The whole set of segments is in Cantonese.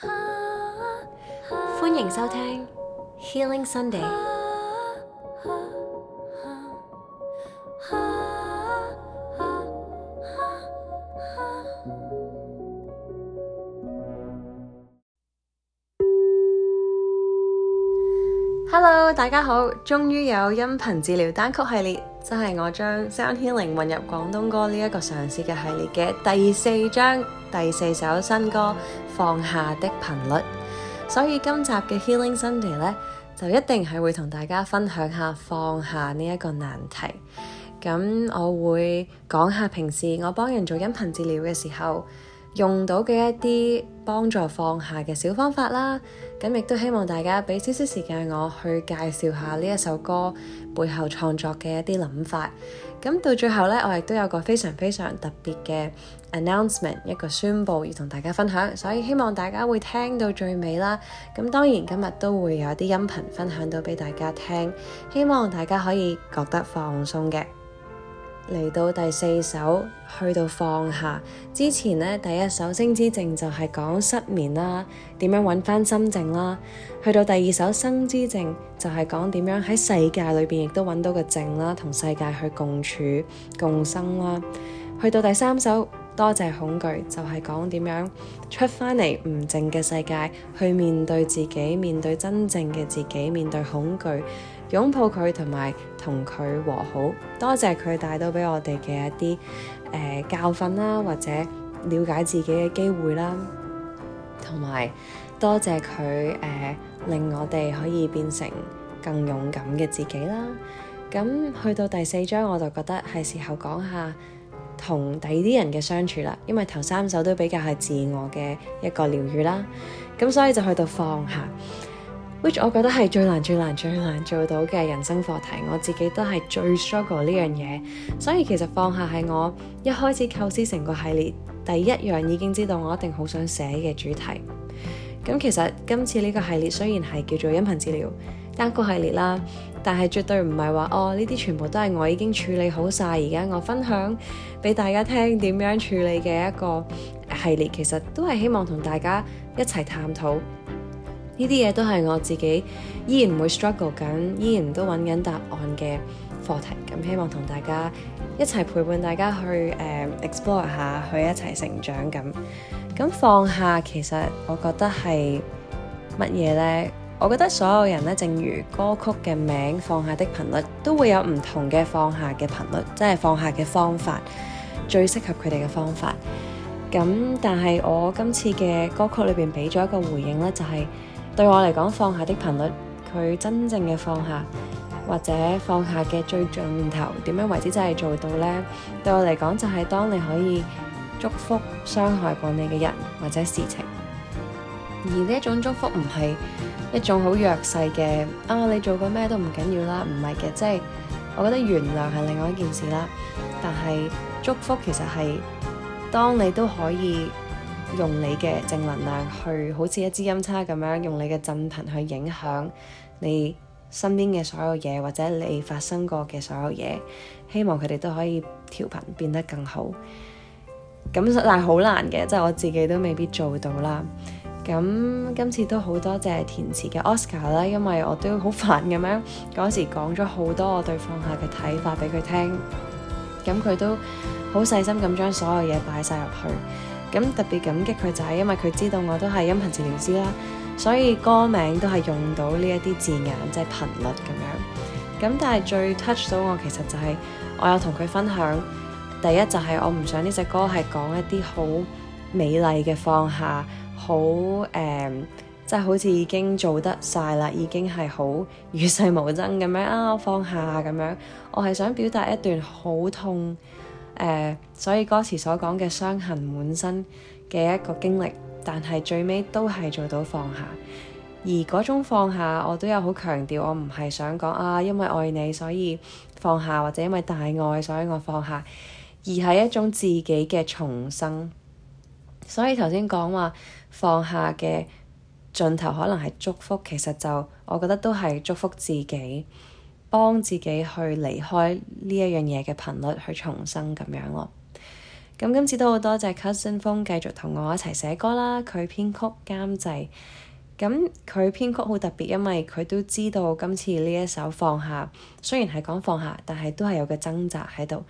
歡迎收聽 Healing Sunday。Hello，大家好，終於有音頻治療單曲系列。真係我將 sound healing 混入廣東歌呢一個嘗試嘅系列嘅第四章第四首新歌《放下的頻率》，所以今集嘅 Healing Sunday 呢，就一定係會同大家分享下放下呢一個難題。咁我會講下平時我幫人做音頻治療嘅時候。用到嘅一啲幫助放下嘅小方法啦，咁亦都希望大家俾少少時間我去介紹下呢一首歌背後創作嘅一啲諗法。咁到最後呢，我亦都有個非常非常特別嘅 announcement，一個宣佈要同大家分享，所以希望大家會聽到最尾啦。咁當然今日都會有啲音頻分享到俾大家聽，希望大家可以覺得放鬆嘅。嚟到第四首，去到放下之前咧，第一首星之靜就係講失眠啦，點樣揾翻心靜啦？去到第二首生之靜就係講點樣喺世界裏邊亦都揾到個靜啦，同世界去共處共生啦。去到第三首多謝恐懼，就係講點樣出翻嚟唔靜嘅世界，去面對自己，面對真正嘅自己，面對恐懼。擁抱佢同埋同佢和好，多謝佢帶到俾我哋嘅一啲誒、呃、教訓啦，或者了解自己嘅機會啦，同埋多謝佢誒、呃、令我哋可以變成更勇敢嘅自己啦。咁去到第四章，我就覺得係時候講下同第二啲人嘅相處啦，因為頭三首都比較係自我嘅一個療愈啦，咁所以就去到放下。Which 我覺得係最難、最難、最難做到嘅人生課題，我自己都係最 struggle 呢樣嘢。所以其實放下係我一開始構思成個系列第一樣已經知道我一定好想寫嘅主題。咁其實今次呢個系列雖然係叫做音頻治療單曲系列啦，但係絕對唔係話哦，呢啲全部都係我已經處理好晒。而家我分享俾大家聽點樣處理嘅一個系列。其實都係希望同大家一齊探討。呢啲嘢都係我自己依然唔會 struggle 緊，依然都揾緊答案嘅課題。咁希望同大家一齊陪伴大家去誒、uh, explore 下，去一齊成長咁。咁放下其實我覺得係乜嘢呢？我覺得所有人呢，正如歌曲嘅名《放下的頻率》，都會有唔同嘅放下嘅頻率，即係放下嘅方法，最適合佢哋嘅方法。咁但係我今次嘅歌曲裏邊俾咗一個回應呢就係，是。對我嚟講，放下的頻率，佢真正嘅放下，或者放下嘅最盡頭，點樣為之真係做到呢？對我嚟講，就係當你可以祝福傷害過你嘅人或者事情，而呢一種祝福唔係一種好弱勢嘅啊，你做過咩都唔緊要啦，唔係嘅，即係我覺得原諒係另外一件事啦，但係祝福其實係當你都可以。用你嘅正能量去，好似一支音叉咁樣，用你嘅震頻去影響你身邊嘅所有嘢，或者你發生過嘅所有嘢，希望佢哋都可以調頻，變得更好。咁但係好難嘅，即係我自己都未必做到啦。咁今次都好多謝填詞嘅 Oscar 啦，因為我都好煩咁樣，嗰時講咗好多我對放下嘅睇法俾佢聽，咁佢都好細心咁將所有嘢擺晒入去。咁特別感激佢就係因為佢知道我都係音頻治療師啦，所以歌名都係用到呢一啲字眼，即係頻率咁樣。咁但係最 touch 到我其實就係我有同佢分享，第一就係我唔想呢隻歌係講一啲好美麗嘅放下，uh, 好誒，即係好似已經做得晒啦，已經係好與世無爭咁樣啊放下咁樣。我係想表達一段好痛。誒，uh, 所以歌詞所講嘅傷痕滿身嘅一個經歷，但係最尾都係做到放下，而嗰種放下，我都有好強調，我唔係想講啊，因為愛你所以放下，或者因為大愛所以我放下，而係一種自己嘅重生。所以頭先講話放下嘅盡頭可能係祝福，其實就我覺得都係祝福自己。幫自己去離開呢一樣嘢嘅頻率，去重生咁樣咯。咁今次都好多謝 Cousin 風繼續同我一齊寫歌啦，佢編曲監製。咁佢編曲好特別，因為佢都知道今次呢一首放下，雖然係講放下，但係都係有個掙扎喺度。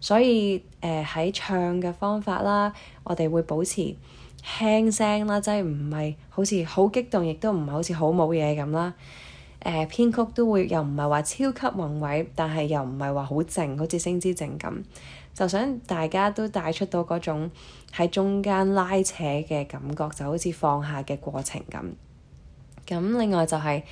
所以誒，喺、呃、唱嘅方法啦，我哋會保持輕聲啦，即係唔係好似好激動，亦都唔係好似好冇嘢咁啦。誒、呃、編曲都會又唔係話超級宏偉，但係又唔係話好靜，好似《星之靜》咁，就想大家都帶出到嗰種喺中間拉扯嘅感覺，就好似放下嘅過程咁。咁另外就係、是、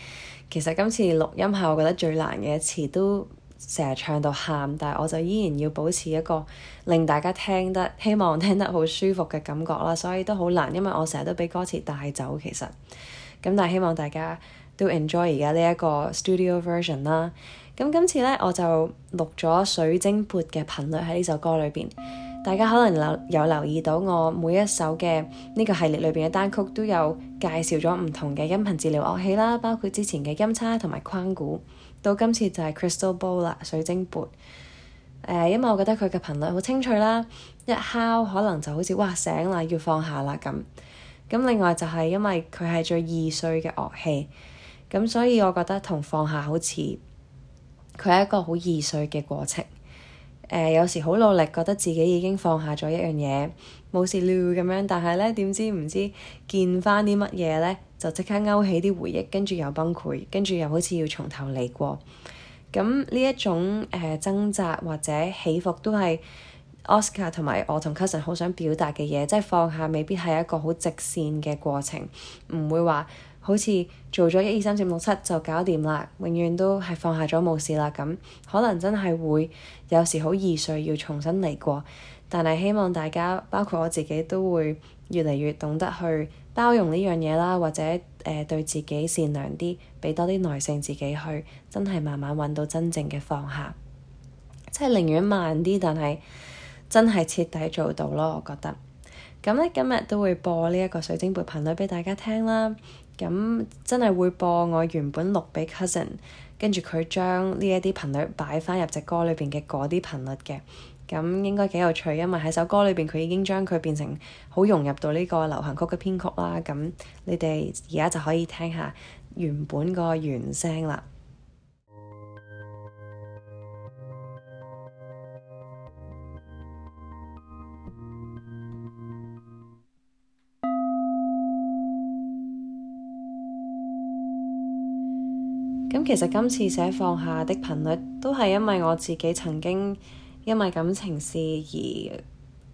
其實今次錄音係我覺得最難嘅一次，都成日唱到喊，但係我就依然要保持一個令大家聽得希望聽得好舒服嘅感覺啦，所以都好難，因為我成日都俾歌詞帶走其實。咁但係希望大家，都 enjoy 而家呢一個 studio version 啦。咁今次呢，我就錄咗水晶缽嘅頻率喺呢首歌裏邊。大家可能有有留意到，我每一首嘅呢個系列裏邊嘅單曲都有介紹咗唔同嘅音頻治療樂器啦，包括之前嘅音叉同埋框鼓，到今次就係 crystal bowl 啦，水晶缽。誒、呃，因為我覺得佢嘅頻率好清脆啦，一敲可能就好似哇醒啦，要放下啦咁。咁另外就係因為佢係最易碎嘅樂器。咁、嗯、所以我覺得同放下好似佢係一個好易碎嘅過程。誒、呃、有時好努力覺得自己已經放下咗一樣嘢，冇事了咁樣，但係咧，點知唔知見翻啲乜嘢咧，就即刻勾起啲回憶，跟住又崩潰，跟住又好似要從頭嚟過。咁、嗯、呢一種誒、呃、掙扎或者起伏都係 Oscar 同埋我同 Cousin 好想表達嘅嘢，即係放下未必係一個好直線嘅過程，唔會話。好似做咗一二三、四五六七就搞掂啦，永遠都係放下咗冇事啦。咁可能真係會有時好易碎，要重新嚟過。但係希望大家包括我自己都會越嚟越懂得去包容呢樣嘢啦，或者誒、呃、對自己善良啲，畀多啲耐性自己去真係慢慢揾到真正嘅放下，即係寧願慢啲，但係真係徹底做到咯。我覺得咁咧，今日都會播呢一個水晶缽頻率畀大家聽啦。咁真係會播我原本錄俾 cousin，跟住佢將呢一啲頻率擺返入隻歌裏邊嘅嗰啲頻率嘅，咁應該幾有趣，因為喺首歌裏邊佢已經將佢變成好融入到呢個流行曲嘅編曲啦。咁你哋而家就可以聽下原本個原聲啦。其實今次寫放下的頻率，都係因為我自己曾經因為感情事而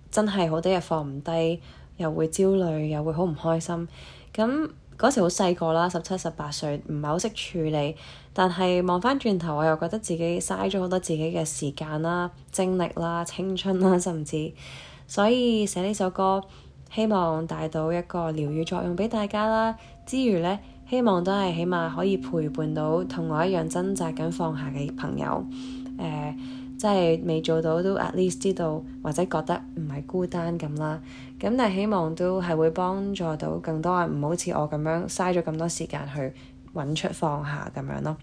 真係好多日放唔低，又會焦慮，又會好唔開心。咁嗰時好細個啦，十七十八歲唔係好識處理，但係望返轉頭我又覺得自己嘥咗好多自己嘅時間啦、精力啦、青春啦，甚至所以寫呢首歌，希望帶到一個療癒作用俾大家啦，之餘呢。希望都係起碼可以陪伴到同我一樣掙扎緊放下嘅朋友，即、呃、係未做到都 at least 知道或者覺得唔係孤單咁啦。咁但係希望都係會幫助到更多人，唔好似我咁樣嘥咗咁多時間去揾出放下咁樣咯。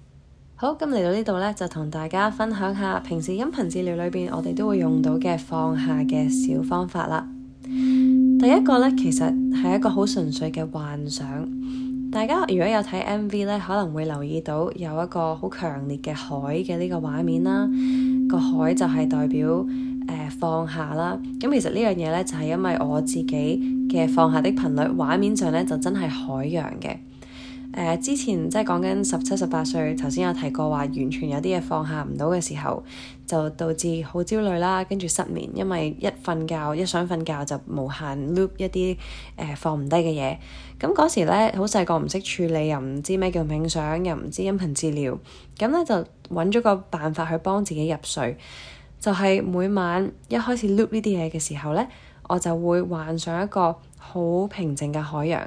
好，咁嚟到呢度呢，就同大家分享下平時音頻治療裏邊我哋都會用到嘅放下嘅小方法啦。第一個呢，其實係一個好純粹嘅幻想。大家如果有睇 MV 咧，可能會留意到有一個好強烈嘅海嘅呢個畫面啦。個海就係代表誒、呃、放下啦。咁其實呢樣嘢咧就係、是、因為我自己嘅放下的頻率畫面上咧就真係海洋嘅。誒、呃、之前即係講緊十七十八歲，頭先有提過話，完全有啲嘢放下唔到嘅時候，就導致好焦慮啦，跟住失眠，因為一瞓覺一想瞓覺就無限 loop 一啲誒、呃、放唔低嘅嘢。咁、嗯、嗰時咧，好細個唔識處理，又唔知咩叫冥想，又唔知音頻治療，咁、嗯、咧就揾咗個辦法去幫自己入睡，就係、是、每晚一開始 loop 呢啲嘢嘅時候咧，我就會幻想一個好平靜嘅海洋。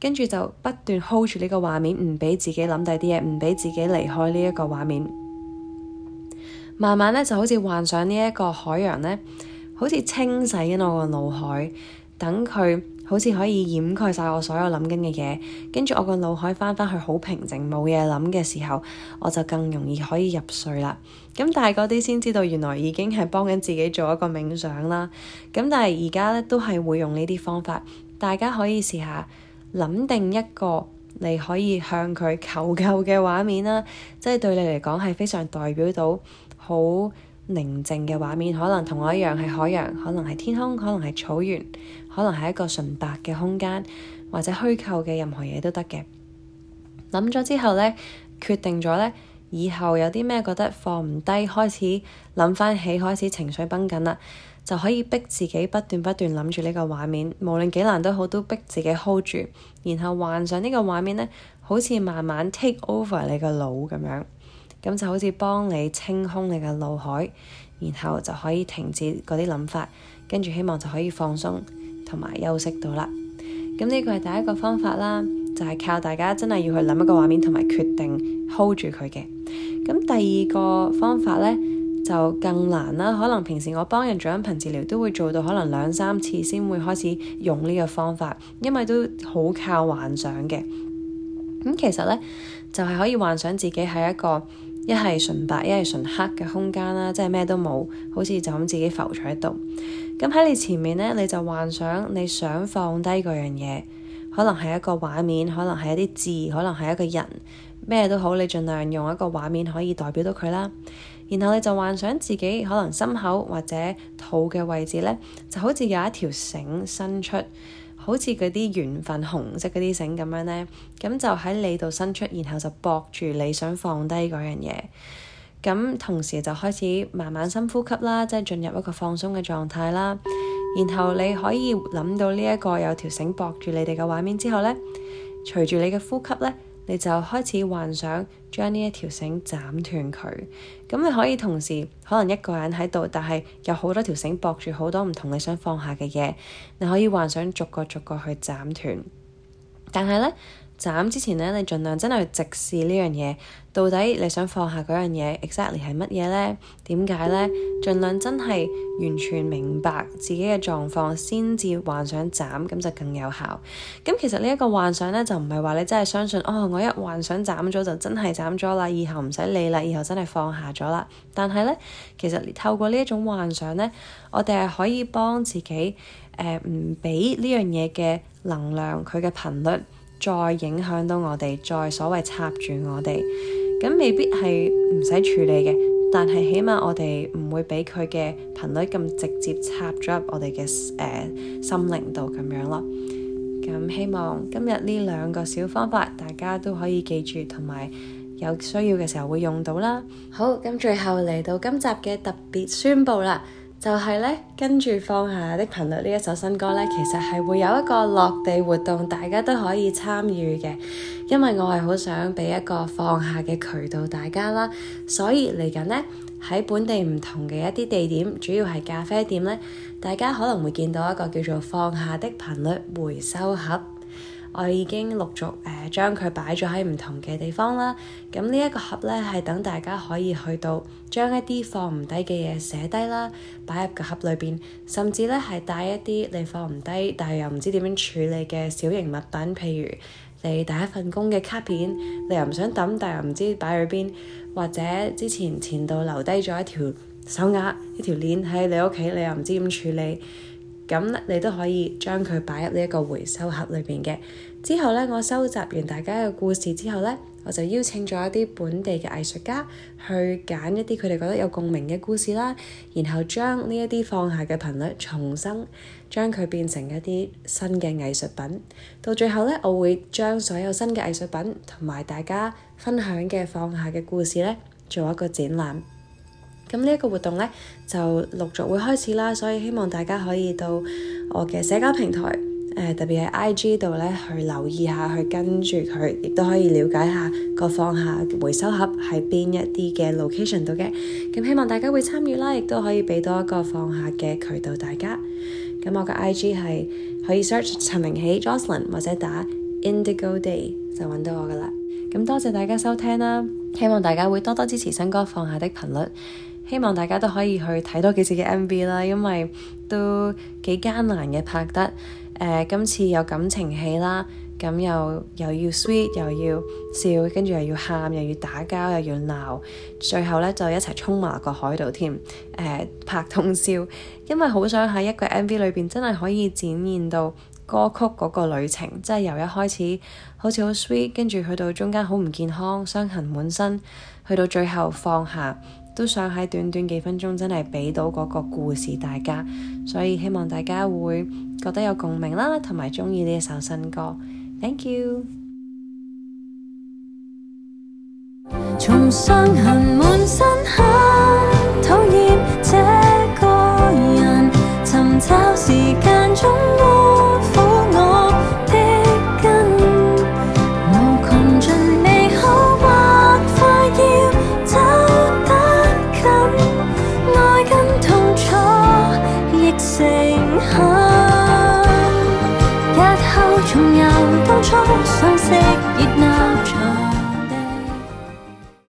跟住就不斷 hold 住呢個畫面，唔畀自己諗第啲嘢，唔畀自己離開呢一個畫面。慢慢咧就好似幻想呢一個海洋咧，好似清洗緊我個腦海，等佢好似可以掩蓋晒我所有諗緊嘅嘢。跟住我個腦海翻返去好平靜，冇嘢諗嘅時候，我就更容易可以入睡啦。咁大個啲先知道原來已經係幫緊自己做一個冥想啦。咁但係而家咧都係會用呢啲方法，大家可以試下。諗定一個你可以向佢求救嘅畫面啦，即係對你嚟講係非常代表到好寧靜嘅畫面，可能同我一樣係海洋，可能係天空，可能係草原，可能係一個純白嘅空間，或者虛構嘅任何嘢都得嘅。諗咗之後呢，決定咗呢，以後有啲咩覺得放唔低，開始諗翻起，開始情緒崩緊啦。就可以逼自己不斷不斷諗住呢個畫面，無論幾難都好，都逼自己 hold 住，然後幻想呢個畫面呢，好似慢慢 take over 你個腦咁樣，咁就好似幫你清空你嘅腦海，然後就可以停止嗰啲諗法，跟住希望就可以放鬆同埋休息到啦。咁呢個係第一個方法啦，就係靠大家真係要去諗一個畫面同埋決定 hold 住佢嘅。咁第二個方法呢？就更難啦，可能平時我幫人做音頻治療都會做到可能兩三次先會開始用呢個方法，因為都好靠幻想嘅。咁、嗯、其實呢，就係、是、可以幻想自己係一個一係純白一係純黑嘅空間啦，即係咩都冇，好似就咁自己浮在度。咁喺你前面呢，你就幻想你想放低嗰樣嘢，可能係一個畫面，可能係一啲字，可能係一個人。咩都好，你盡量用一個畫面可以代表到佢啦。然後你就幻想自己可能心口或者肚嘅位置呢，就好似有一條繩伸出，好似嗰啲緣分紅色嗰啲繩咁樣呢。咁就喺你度伸出，然後就駁住你想放低嗰樣嘢。咁同時就開始慢慢深呼吸啦，即係進入一個放鬆嘅狀態啦。然後你可以諗到呢一個有條繩駁住你哋嘅畫面之後呢，隨住你嘅呼吸呢。你就開始幻想將呢一條繩斬斷佢，咁你可以同時可能一個人喺度，但係有好多條繩駁住好多唔同你想放下嘅嘢，你可以幻想逐個逐個去斬斷，但係咧。斬之前呢，你儘量真係直視呢樣嘢，到底你想放下嗰樣嘢 exactly 係乜嘢呢？點解呢？儘量真係完全明白自己嘅狀況，先至幻想斬，咁就更有效。咁其實呢一個幻想呢，就唔係話你真係相信，哦，我一幻想斬咗就真係斬咗啦，以後唔使理啦，以後真係放下咗啦。但係呢，其實透過呢一種幻想呢，我哋係可以幫自己誒唔俾呢樣嘢嘅能量，佢嘅頻率。再影響到我哋，再所謂插住我哋，咁未必係唔使處理嘅，但係起碼我哋唔會俾佢嘅頻率咁直接插咗入我哋嘅誒心靈度咁樣咯。咁希望今日呢兩個小方法大家都可以記住，同埋有，有需要嘅時候會用到啦。好，咁最後嚟到今集嘅特別宣佈啦。就係咧，跟住放下的頻率呢一首新歌咧，其實係會有一個落地活動，大家都可以參與嘅。因為我係好想畀一個放下嘅渠道大家啦，所以嚟緊咧喺本地唔同嘅一啲地點，主要係咖啡店咧，大家可能會見到一個叫做放下的頻率回收盒。我已經陸續誒、呃、將佢擺咗喺唔同嘅地方啦。咁呢一個盒呢，係等大家可以去到將一啲放唔低嘅嘢寫低啦，擺入個盒裏邊。甚至呢，係帶一啲你放唔低，但係又唔知點樣處理嘅小型物品，譬如你第一份工嘅卡片，你又唔想抌，但係又唔知擺去邊，或者之前前度留低咗一條手鐲，一條鏈喺你屋企，你又唔知點處理。咁你都可以將佢擺入呢一個回收盒裏面嘅。之後呢，我收集完大家嘅故事之後呢，我就邀請咗一啲本地嘅藝術家去揀一啲佢哋覺得有共鳴嘅故事啦，然後將呢一啲放下嘅頻率重生，將佢變成一啲新嘅藝術品。到最後呢，我會將所有新嘅藝術品同埋大家分享嘅放下嘅故事呢，做一個展覽。咁呢一個活動呢，就陸續會開始啦，所以希望大家可以到我嘅社交平台誒、呃，特別係 I G 度呢，去留意下，去跟住佢，亦都可以了解下個放下回收盒喺邊一啲嘅 location 度嘅。咁希望大家會參與啦，亦都可以俾多一個放下嘅渠道大家。咁我嘅 I G 係可以 search 陳明喜 Jocelyn 或者打 Indigo Day 就揾到我噶啦。咁多謝大家收聽啦，希望大家會多多支持新歌《放下的頻率》。希望大家都可以去睇多幾次嘅 M V 啦，因為都幾艱難嘅拍得。今次有感情戲啦，咁、呃、又又要 sweet 又要笑，跟住又要喊，又要打交，又要鬧，最後呢，就一齊衝埋個海度添、呃。拍通宵，因為好想喺一個 M V 裏邊真係可以展現到歌曲嗰個旅程，即係由一開始好似好 sweet，跟住去到中間好唔健康，傷痕滿身，去到最後放下。都想喺短短幾分鐘真係俾到嗰個故事大家，所以希望大家會覺得有共鳴啦，同埋鍾意呢一首新歌。Thank you。從滿身